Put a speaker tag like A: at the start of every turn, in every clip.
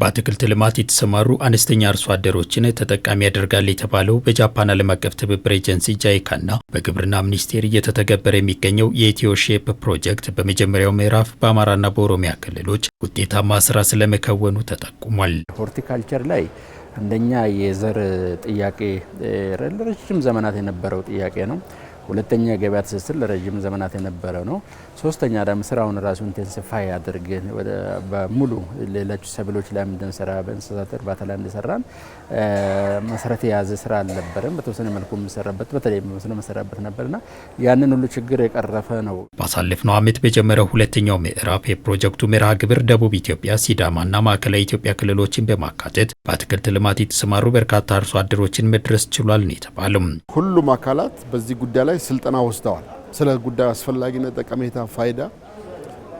A: በአትክልት ልማት የተሰማሩ አነስተኛ አርሶ አደሮችን ተጠቃሚ ያደርጋል የተባለው በጃፓን ዓለም አቀፍ ትብብር ኤጀንሲ ጃይካና በግብርና ሚኒስቴር እየተተገበረ የሚገኘው የኢትዮ ሼፕ ፕሮጀክት በመጀመሪያው ምዕራፍ በአማራና በኦሮሚያ ክልሎች ውጤታማ ስራ ስለመከወኑ ተጠቁሟል።
B: ሆርቲካልቸር ላይ አንደኛ የዘር ጥያቄ ረጅም ዘመናት የነበረው ጥያቄ ነው። ሁለተኛ የገበያ ትስስር ለረዥም ዘመናት የነበረ ነው። ሶስተኛ ደግሞ ስራውን ራሱ ኢንቴንሲፋይ አድርገን በሙሉ ሌሎች ሰብሎች ላይ እንድንሰራ በእንስሳት እርባታ ላይ እንደሰራን መሰረት የያዘ ስራ አልነበረም። በተወሰነ መልኩ የምንሰራበት በተለይ በመስኖ መሰራበት ነበርና ያንን ሁሉ ችግር የቀረፈ ነው።
A: ባሳለፍነው ዓመት በጀመረው ሁለተኛው ምዕራፍ የፕሮጀክቱ መርሃ ግብር ደቡብ ኢትዮጵያ፣ ሲዳማና ማዕከላዊ ኢትዮጵያ ክልሎችን በማካተት በአትክልት ልማት የተሰማሩ በርካታ አርሶ አደሮችን መድረስ ችሏል ነው የተባለም።
C: ሁሉም አካላት በዚህ ጉዳይ ላይ ላይ ስልጠና ወስደዋል። ስለ ጉዳዩ አስፈላጊነት፣ ጠቀሜታ፣ ፋይዳ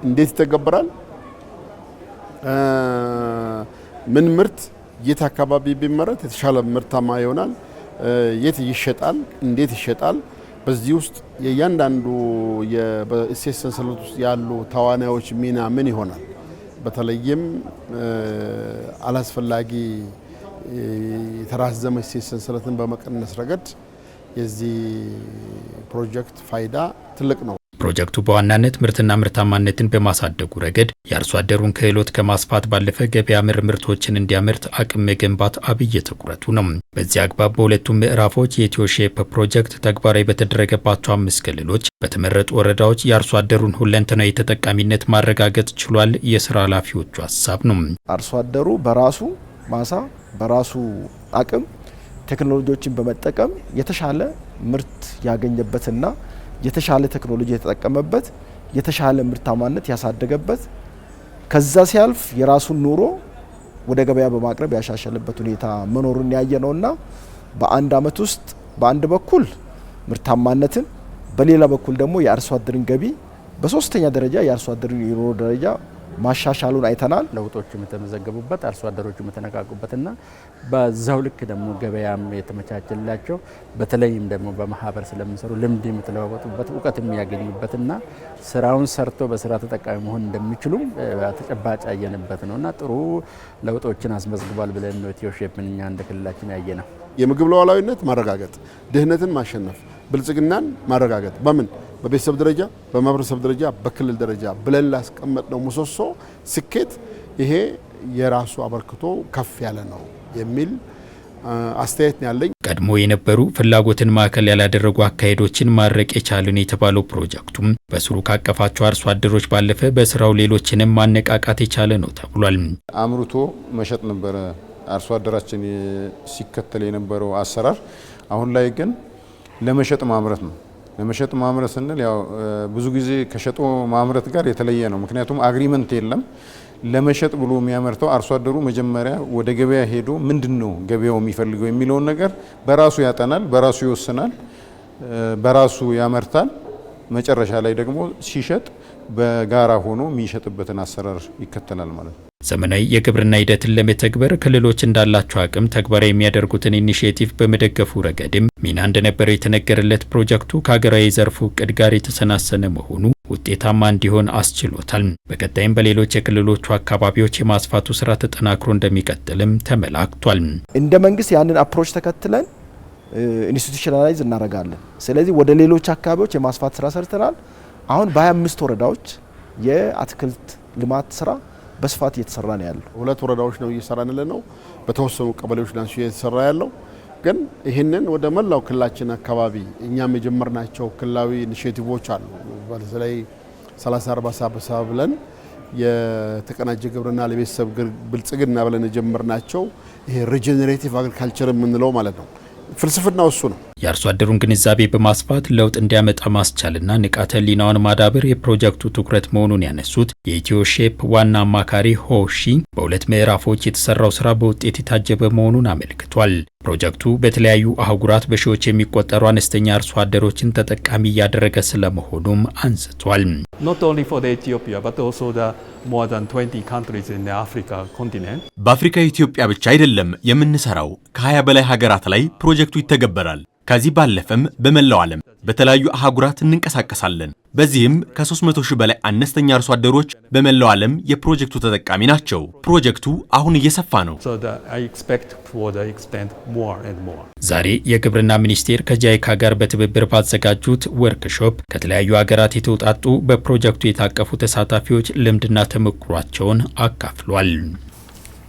C: እንዴት ይተገበራል፣ ምን ምርት የት አካባቢ ቢመረት የተሻለ ምርታማ ይሆናል፣ የት ይሸጣል፣ እንዴት ይሸጣል፣ በዚህ ውስጥ የእያንዳንዱ በእሴት ሰንሰለት ውስጥ ያሉ ተዋናዮች ሚና ምን ይሆናል፣ በተለይም አላስፈላጊ የተራዘመ እሴት ሰንሰለትን በመቀነስ ረገድ የዚህ ፕሮጀክት ፋይዳ ትልቅ ነው።
A: ፕሮጀክቱ በዋናነት ምርትና ምርታማነትን በማሳደጉ ረገድ የአርሶ አደሩን ክህሎት ከማስፋት ባለፈ ገበያ ምር ምርቶችን እንዲያመርት አቅም መገንባት አብይ ትኩረቱ ነው። በዚህ አግባብ በሁለቱም ምዕራፎች የኢትዮ ሼፕ ፕሮጀክት ተግባራዊ በተደረገባቸው አምስት ክልሎች በተመረጡ ወረዳዎች የአርሶ አደሩን ሁለንተናዊ ተጠቃሚነት ማረጋገጥ ችሏል። የስራ ኃላፊዎቹ ሀሳብ ነው።
D: አርሶ አደሩ በራሱ ማሳ በራሱ አቅም ቴክኖሎጂዎችን በመጠቀም የተሻለ ምርት ያገኘበትና የተሻለ ቴክኖሎጂ የተጠቀመበት የተሻለ ምርታማነት ያሳደገበት ከዛ ሲያልፍ የራሱን ኑሮ ወደ ገበያ በማቅረብ ያሻሸለበት ሁኔታ መኖሩን ያየ ነውና በአንድ አመት ውስጥ በአንድ በኩል ምርታማነትን በሌላ በኩል ደግሞ የአርሶ አደርን ገቢ በሶስተኛ ደረጃ የአርሶ አደርን የኑሮ ደረጃ ማሻሻሉን አይተናል።
B: ለውጦቹ የተመዘገቡበት አርሶ አደሮቹ የተነቃቁበትና በዛው ልክ ደግሞ ገበያም የተመቻቸላቸው በተለይም ደግሞ በማህበር ስለሚሰሩ ልምድ የምትለዋወጡበት እውቀት የሚያገኙበትና ስራውን ሰርቶ በስራ ተጠቃሚ መሆን እንደሚችሉም ተጨባጭ ያየንበት ነውና ጥሩ ለውጦችን አስመዝግቧል ብለን ነው ኢትዮ እኛ እንደ ክልላችን ያየ ነው።
C: የምግብ ለዋላዊነት ማረጋገጥ፣ ድህነትን ማሸነፍ፣ ብልጽግናን ማረጋገጥ በምን በቤተሰብ ደረጃ፣ በማህበረሰብ ደረጃ፣ በክልል ደረጃ ብለን ላስቀመጥነው ምሰሶ ስኬት ይሄ የራሱ አበርክቶ ከፍ ያለ ነው የሚል አስተያየት ነው ያለኝ።
A: ቀድሞ የነበሩ ፍላጎትን ማዕከል ያላደረጉ አካሄዶችን ማድረቅ የቻልን የተባለው ፕሮጀክቱም በስሩ ካቀፋቸው አርሶ አደሮች ባለፈ በስራው ሌሎችንም ማነቃቃት የቻለ ነው ተብሏል።
C: አምርቶ መሸጥ ነበረ አርሶ አደራችን ሲከተል የነበረው አሰራር። አሁን ላይ ግን ለመሸጥ ማምረት ነው። ለመሸጥ ማምረት ስንል ያው ብዙ ጊዜ ከሸጦ ማምረት ጋር የተለየ ነው። ምክንያቱም አግሪመንት የለም። ለመሸጥ ብሎ የሚያመርተው አርሶ አደሩ መጀመሪያ ወደ ገበያ ሄዶ ምንድን ነው ገበያው የሚፈልገው የሚለውን ነገር በራሱ ያጠናል፣ በራሱ ይወስናል፣ በራሱ ያመርታል። መጨረሻ ላይ ደግሞ ሲሸጥ በጋራ ሆኖ የሚሸጥበትን አሰራር ይከተላል ማለት ነው።
A: ዘመናዊ የግብርና ሂደትን ለመተግበር ክልሎች እንዳላቸው አቅም ተግባራዊ የሚያደርጉትን ኢኒሽቲቭ በመደገፉ ረገድም ሚና እንደነበረው የተነገረለት ፕሮጀክቱ ከሀገራዊ ዘርፉ እቅድ ጋር የተሰናሰነ መሆኑ ውጤታማ እንዲሆን አስችሎታል። በቀጣይም በሌሎች የክልሎቹ አካባቢዎች የማስፋቱ ስራ ተጠናክሮ እንደሚቀጥልም ተመላክቷል።
D: እንደ መንግስት ያንን አፕሮች ተከትለን ኢንስቲቱሽናላይዝ እናደርጋለን። ስለዚህ ወደ ሌሎች አካባቢዎች የማስፋት ስራ ሰርተናል። አሁን በ25 ወረዳዎች የአትክልት ልማት ስራ በስፋት እየተሰራ ነው ያለው። ሁለት ወረዳዎች ነው እየሰራን ነው። በተወሰኑ ቀበሌዎች ነው እየተሰራ ያለው። ግን ይህንን ወደ መላው ክልላችን አካባቢ እኛም የጀመርናቸው ክልላዊ ኢኒሼቲቮች አሉ። በተለይ 30 40 ብለን የተቀናጀ ግብርና ለቤተሰብ ብልጽግና ብለን የጀመርናቸው ይሄ ሪጀኔሬቲቭ አግሪካልቸር የምንለው ማለት ነው። ፍልስፍናው እሱ ነው።
A: የአርሶ አደሩን ግንዛቤ በማስፋት ለውጥ እንዲያመጣ ማስቻልና ንቃተ ሊናውን ማዳበር የፕሮጀክቱ ትኩረት መሆኑን ያነሱት የኢትዮ ሼፕ ዋና አማካሪ ሆሺ በሁለት ምዕራፎች የተሰራው ስራ በውጤት የታጀበ መሆኑን አመልክቷል። ፕሮጀክቱ በተለያዩ አህጉራት በሺዎች የሚቆጠሩ አነስተኛ አርሶ አደሮችን ተጠቃሚ እያደረገ ስለመሆኑም አንስቷል። በአፍሪካ ኢትዮጵያ ብቻ አይደለም የምንሰራው፣ ከ20 በላይ ሀገራት ላይ ፕሮጀክቱ ይተገበራል። ከዚህ ባለፈም በመላው ዓለም በተለያዩ አህጉራት እንንቀሳቀሳለን። በዚህም ከ300 ሺህ በላይ አነስተኛ አርሶ አደሮች በመላው ዓለም የፕሮጀክቱ ተጠቃሚ ናቸው። ፕሮጀክቱ አሁን እየሰፋ ነው። ዛሬ የግብርና ሚኒስቴር ከጃይካ ጋር በትብብር ባዘጋጁት ወርክሾፕ ከተለያዩ ሀገራት የተውጣጡ በፕሮጀክቱ የታቀፉ ተሳታፊዎች ልምድና ተሞክሯቸውን አካፍሏል።